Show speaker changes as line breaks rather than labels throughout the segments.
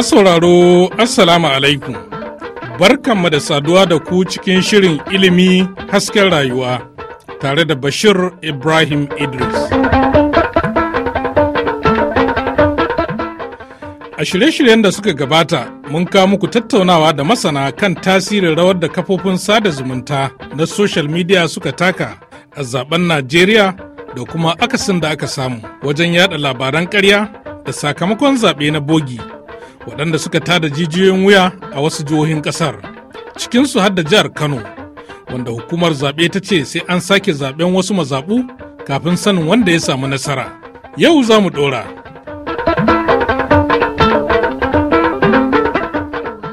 Masu sauraro Assalamu alaikum. Barkanmu da saduwa da ku cikin shirin ilimi hasken rayuwa tare da Bashir Ibrahim Idris. A shirye-shiryen da suka gabata mun kawo muku tattaunawa da masana kan tasirin rawar da kafofin sada zumunta na social media suka taka a zaben Najeriya da kuma akasin da aka samu wajen yada labaran karya da sakamakon zaɓe na bogi. waɗanda suka tada jijiyoyin wuya a wasu jihohin ƙasar cikinsu har da jihar kano wanda hukumar zaɓe ta ce sai an sake zaɓen wasu mazaɓu kafin sanin wanda ya samu nasara yau za mu ɗora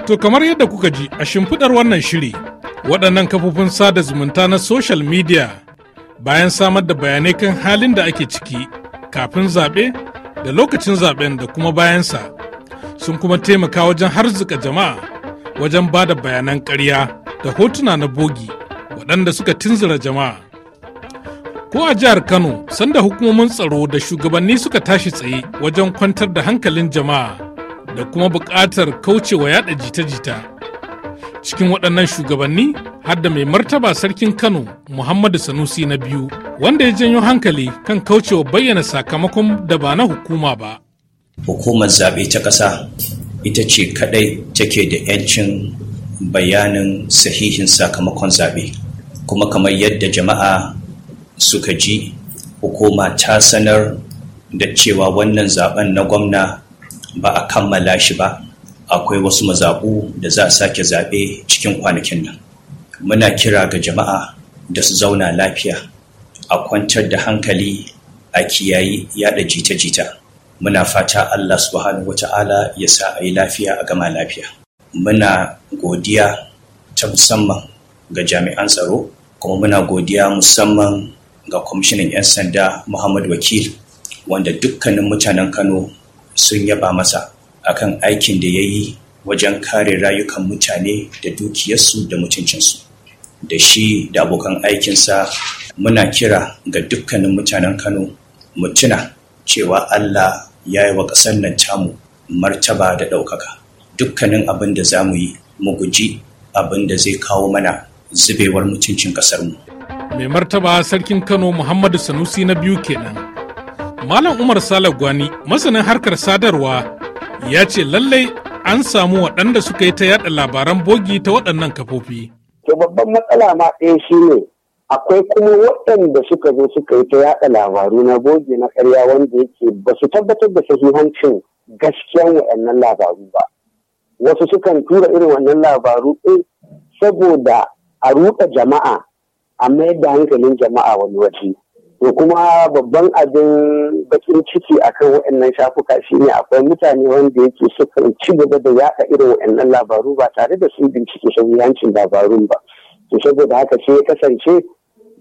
to kamar yadda kuka ji a shimfiɗar wannan shiri waɗannan kafofin sada zumunta na social media bayan samar da bayanai kan halin da ake ciki kafin zaɓe da lokacin zaɓen da kuma bayansa sun kuma taimaka wajen harzuka jama'a wajen ba da bayanan karya da hotuna na bogi waɗanda suka tunzura jama'a ko a jihar kano sanda hukumomin tsaro da shugabanni suka tashi tsaye wajen kwantar da hankalin jama'a da kuma buƙatar kaucewa yada jita-jita cikin waɗannan shugabanni har da mai martaba sarkin kano muhammadu sanusi na biyu wanda ya janyo hankali kan kaucewa bayyana sakamakon da ba na hukuma ba
hukumar zaɓe ta ƙasa ita ce kaɗai take da 'yancin bayanin sahihin sakamakon zaɓe kuma kamar yadda jama'a suka ji hukuma ta sanar da cewa wannan zaɓen na gwamna ba a kammala shi ba akwai wasu mazaɓu da za a sake zaɓe cikin kwanakin nan muna kira ga jama'a da su zauna lafiya a kwantar da hankali a kiyayi yada jita-jita muna fata Allah subhanahu wata'ala ya sa a yi lafiya a gama lafiya muna godiya ta musamman ga jami'an tsaro kuma muna godiya musamman ga kwamishinan 'yan sanda muhammad wakil wanda dukkanin mutanen kano sun yaba masa akan aikin da ya yi wajen kare rayukan mutane da dukiyarsu da mutuncinsu da shi da abokan aikinsa muna kira ga dukkanin mutanen kano mutuna cewa allah ya yi wa ƙasar nan tamu martaba da ɗaukaka dukkanin abin da za mu yi mu guji abin da zai kawo mana zubewar mutuncin ƙasar mu
mai martaba sarkin kano muhammadu sanusi na biyu kenan malam umar sale gwani masanin harkar sadarwa ya ce lallai an samu waɗanda suka yi ta yada labaran bogi ta waɗannan kafofi.
to babban matsala ma ɗaya shi ne. akwai kuma waɗanda suka zo suka yi ta yaɗa labaru na goge na karya wanda yake ba su tabbatar da sahihancin gaskiyan waɗannan labaru ba wasu sukan tura irin wannan labaru ɗin saboda a ruɗa jama'a a mayar da hankalin jama'a wani waje to kuma babban abin bakin ciki akan waɗannan shafuka shine akwai mutane wanda yake sukan ci gaba da yaɗa irin waɗannan labaru ba tare da sun bincike sahihancin labarun ba to saboda haka sai ya kasance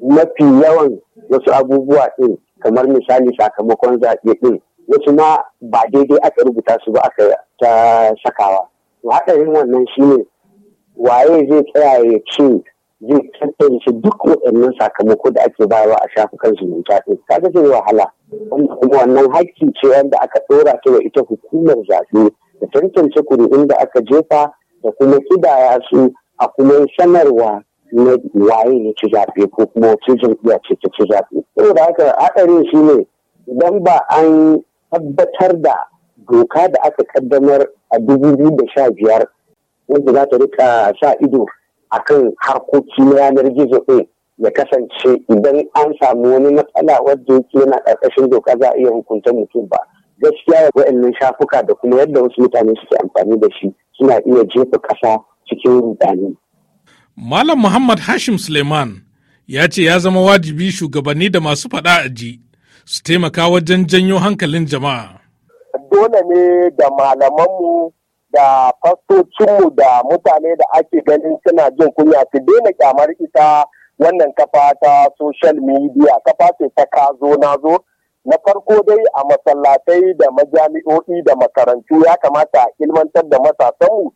mafi yawan wasu abubuwa ɗin kamar misali sakamakon zaɓe ɗin wasu ma ba daidai aka rubuta su ba aka ta sakawa to haɗarin wannan shi ne, waye zai tsaya ya ce zai shi duk waɗannan sakamako da ake bayarwa a shafukan zumunta ɗin kaga zai wahala wanda kuma wannan hakki ce wanda aka ɗora ta wa ita hukumar zaɓe da tantance kuri'un da aka jefa da kuma kidaya su a kuma sanarwa na waye ne ci zaɓe ko kuma wace jam'iyya ce ta ci zaɓe. Saboda haka haɗarin shi ne idan ba an tabbatar da doka da aka kaddamar a dubu biyu da sha biyar wanda za ta rika sa ido a kan harkoki na yanar gizo ɗin ya kasance idan an samu wani matsala wadda yake yana ƙarƙashin doka za a iya hukunta mutum ba gaskiya ya wa'annan shafuka da kuma yadda wasu mutane suke amfani da shi suna iya jefa ƙasa cikin rudani
Malam Muhammad Hashim Suleiman ya ce ya zama wajibi shugabanni da masu faɗa a ji su taimaka wajen janyo hankalin jama'a.
Dole ne da malamanmu da fastocinmu da mutane da ake ganin suna jin kunya su daina kyamar ita wannan kafa ta social media kafa ce ta kazo na zo na farko dai a masallatai da majami'o'i da makarantu ya kamata a ilmantar da matasanmu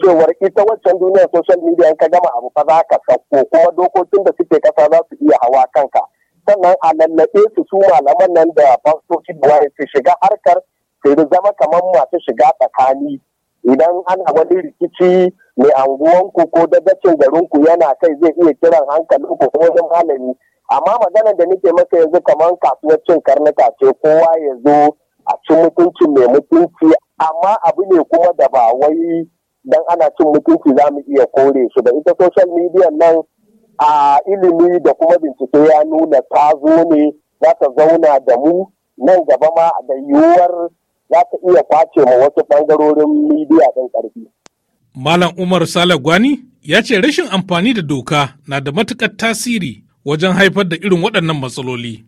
cewar ita waccan duniyar social media ka gama abu fa za ka sauko kuma dokokin da suke kasa za su iya hawa kanka sannan a lallaɓe su su malaman nan da fastoci da su shiga harkar su zama kamar masu shiga tsakani idan ana wani rikici mai anguwanku ko dagacin garinku yana kai zai iya kiran hankalin ku ko wajen malami amma maganar da nake maka yanzu kamar kasuwar cin karnuka ce kowa ya zo a cin mutunci mai mutunci amma abu ne kuma da ba wai dan ana cin mutunci za mu iya kore su. da ita social media nan a ilimi da kuma bincike ya nuna ta zo ne za ta zauna da mu nan gaba ma da yiwuwar za ta iya kwace ma wasu bangarorin midiya ɗin ƙarfi.
Malam Umar Sale Gwani ya ce rashin amfani da doka na da matuƙar tasiri wajen haifar da irin waɗannan matsaloli.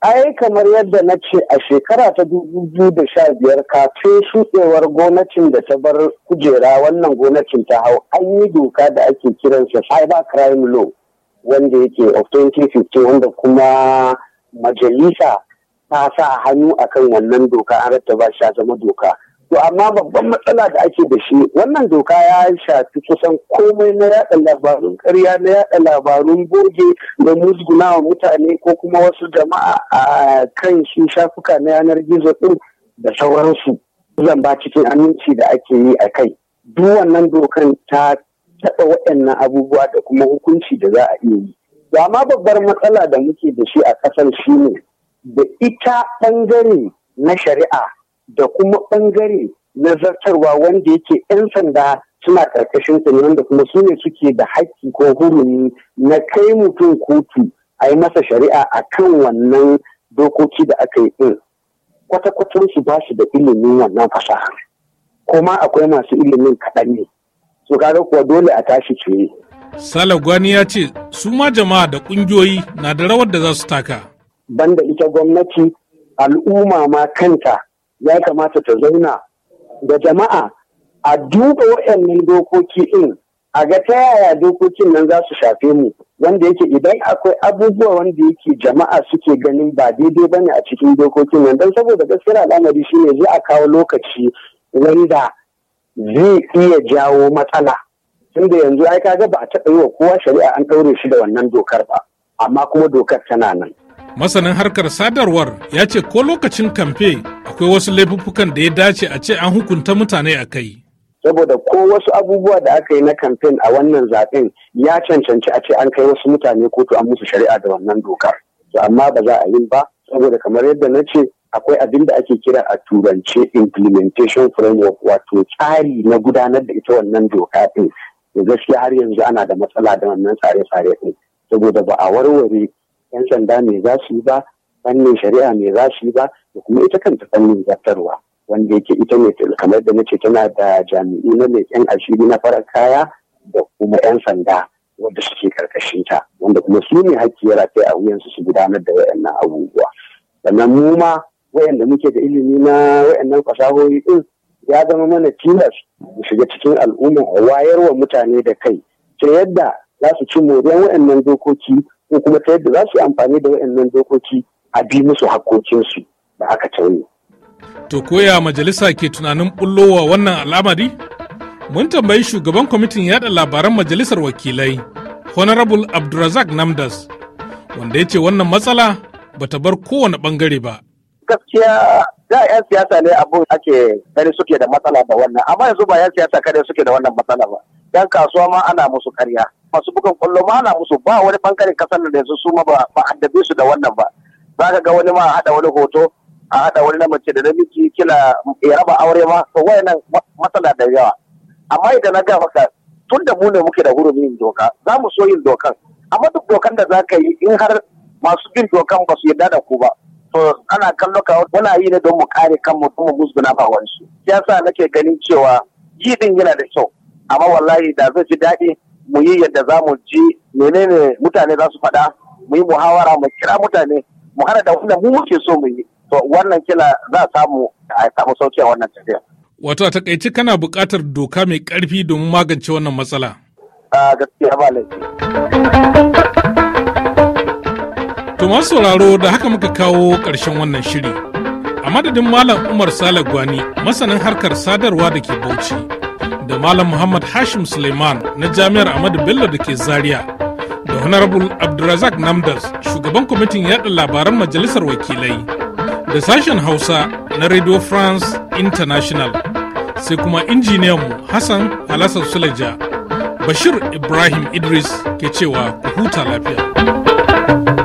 Ai kamar yadda na ce a shekara ta da sha biyar kafin shuɗewar gonacin da ta bar kujera wannan gonacin ta hau an yi doka da ake kiransa cyber crime law wanda yake of 2015 wanda kuma majalisa ta sa hannu akan wannan doka an rattaba shi zama doka. To amma babban matsala da ake da shi wannan doka ya shafi kusan komai na yaɗa labarun karya na yaɗa labarun goge da musguna wa mutane ko kuma wasu jama'a a kan su shafuka na yanar gizo ɗin da sauransu zan ba cikin aminci da ake yi a kai. Duk wannan dokan ta taɓa waɗannan abubuwa da kuma hukunci da za a iya yi. Amma babbar matsala da muke da shi a ƙasar shine da ita ɓangare na shari'a da kuma ɓangare na zartarwa wanda yake 'yan sanda suna ƙarƙashin su ne wanda kuma sune suke da haƙƙi ko hurumi na kai mutum kotu a yi masa shari'a a kan wannan dokoki da aka yi ɗin kwata kwatar su ba su da ilimin wannan fasaha kuma akwai masu ilimin kaɗan ne su kaga kuwa dole a tashi
ciye. Sale Gwani ya ce su ma jama'a da ƙungiyoyi na da rawar da za su taka.
Banda ita gwamnati al'umma ma kanta ya kamata ta zauna da jama'a a duba waɗannan dokoki ɗin a ga ta yaya dokokin nan za su shafe mu wanda yake idan akwai abubuwa wanda yake jama'a suke ganin ba daidai bane a cikin dokokin nan don saboda gaskiyar al'amari shine zai a kawo lokaci wanda zai iya jawo matsala tunda yanzu ai kaga ba a taɓa yi wa kowa shari'a an ɗaure shi da wannan dokar ba amma kuma dokar tana nan
masanin harkar sadarwar ya ce ko lokacin kamfe akwai wasu laifuffukan da ya dace a ce an hukunta mutane a kai
saboda ko wasu abubuwa da aka yi na kamfen a wannan zaben ya cancanci a ce an kai wasu mutane kotu an musu shari'a da wannan dokar amma ba za a yi ba saboda kamar yadda na ce akwai abin da ake kira a turance implementation framework wato tsari na gudanar da ita wannan doka ɗin da gaskiya har yanzu ana da matsala da wannan tsare-tsare ɗin saboda ba a warware 'yan sanda me za su yi ba fannin shari'a me za su yi ba da kuma ita kanta fannin zartarwa wanda yake ita ne kamar da nace tana da jami'i na leƙen asiri na farar kaya da kuma 'yan sanda wanda suke karkashin wanda kuma su ne hakki ya rafe a wuyansu su gudanar da wayannan abubuwa sannan mu ma wayanda muke da ilimi na wayannan fasahohi ɗin, ya zama mana tilas mu shiga cikin al'umma a wayarwa mutane da kai ta yadda za su ci moriyar wayannan dokoki ko kuma ta yadda za su yi amfani da waɗannan dokoki a bi musu hakkokinsu da aka tauye.
To koya majalisa ke tunanin bullowa wannan al'amari? Mun tambayi shugaban kwamitin yada labaran majalisar wakilai, Honorable Abdulrazak Namdas, wanda ya ce wannan matsala bata bar kowane bangare ba.
Gaskiya da 'yan siyasa ne abu ake gani suke da matsala da wannan, amma yanzu ba 'yan siyasa kada suke da wannan matsala ba. yan kasuwa ma ana musu karya masu bugan kwallo ma ana musu ba wani bangaren kasar da yanzu su ma ba addabe su da wannan ba za ka ga wani ma haɗa wani hoto a haɗa wani na mace da namiji kila ya raba aure ma to wayannan matsala da yawa amma idan na ga maka tun da mu ne muke da hurumin yin doka za mu so yin dokan amma duk dokan da za ka yi in har masu bin dokan ba su yarda da ku ba to ana kallo ka muna yi ne don mu kare kanmu don mu musguna ba wani su yasa nake ganin cewa yi din yana da kyau amma wallahi da zai fi daɗi mu yi yadda za mu ji menene mutane za su faɗa mu yi muhawara mu kira mutane mu hana da wanda mu muke so mu yi to wannan kila za a samu a samu sauki a wannan
tafiya. Wato a takaice kana buƙatar doka mai ƙarfi domin magance wannan matsala.
A gaskiya ba laifi.
To masu sauraro da haka muka kawo ƙarshen wannan shiri. A madadin Malam Umar Sale Gwani masanin harkar sadarwa da ke Bauchi. da Malam Muhammad Hashim Suleiman na Jami'ar Ahmadu Bello da ke Zaria da Honorable Abdulrazak Namdas shugaban kwamitin yaɗa labaran majalisar wakilai da sashen Hausa na Radio France International sai kuma injiniyanmu Hassan Alassan Suleja Bashir Ibrahim Idris ke cewa ku huta lafiya.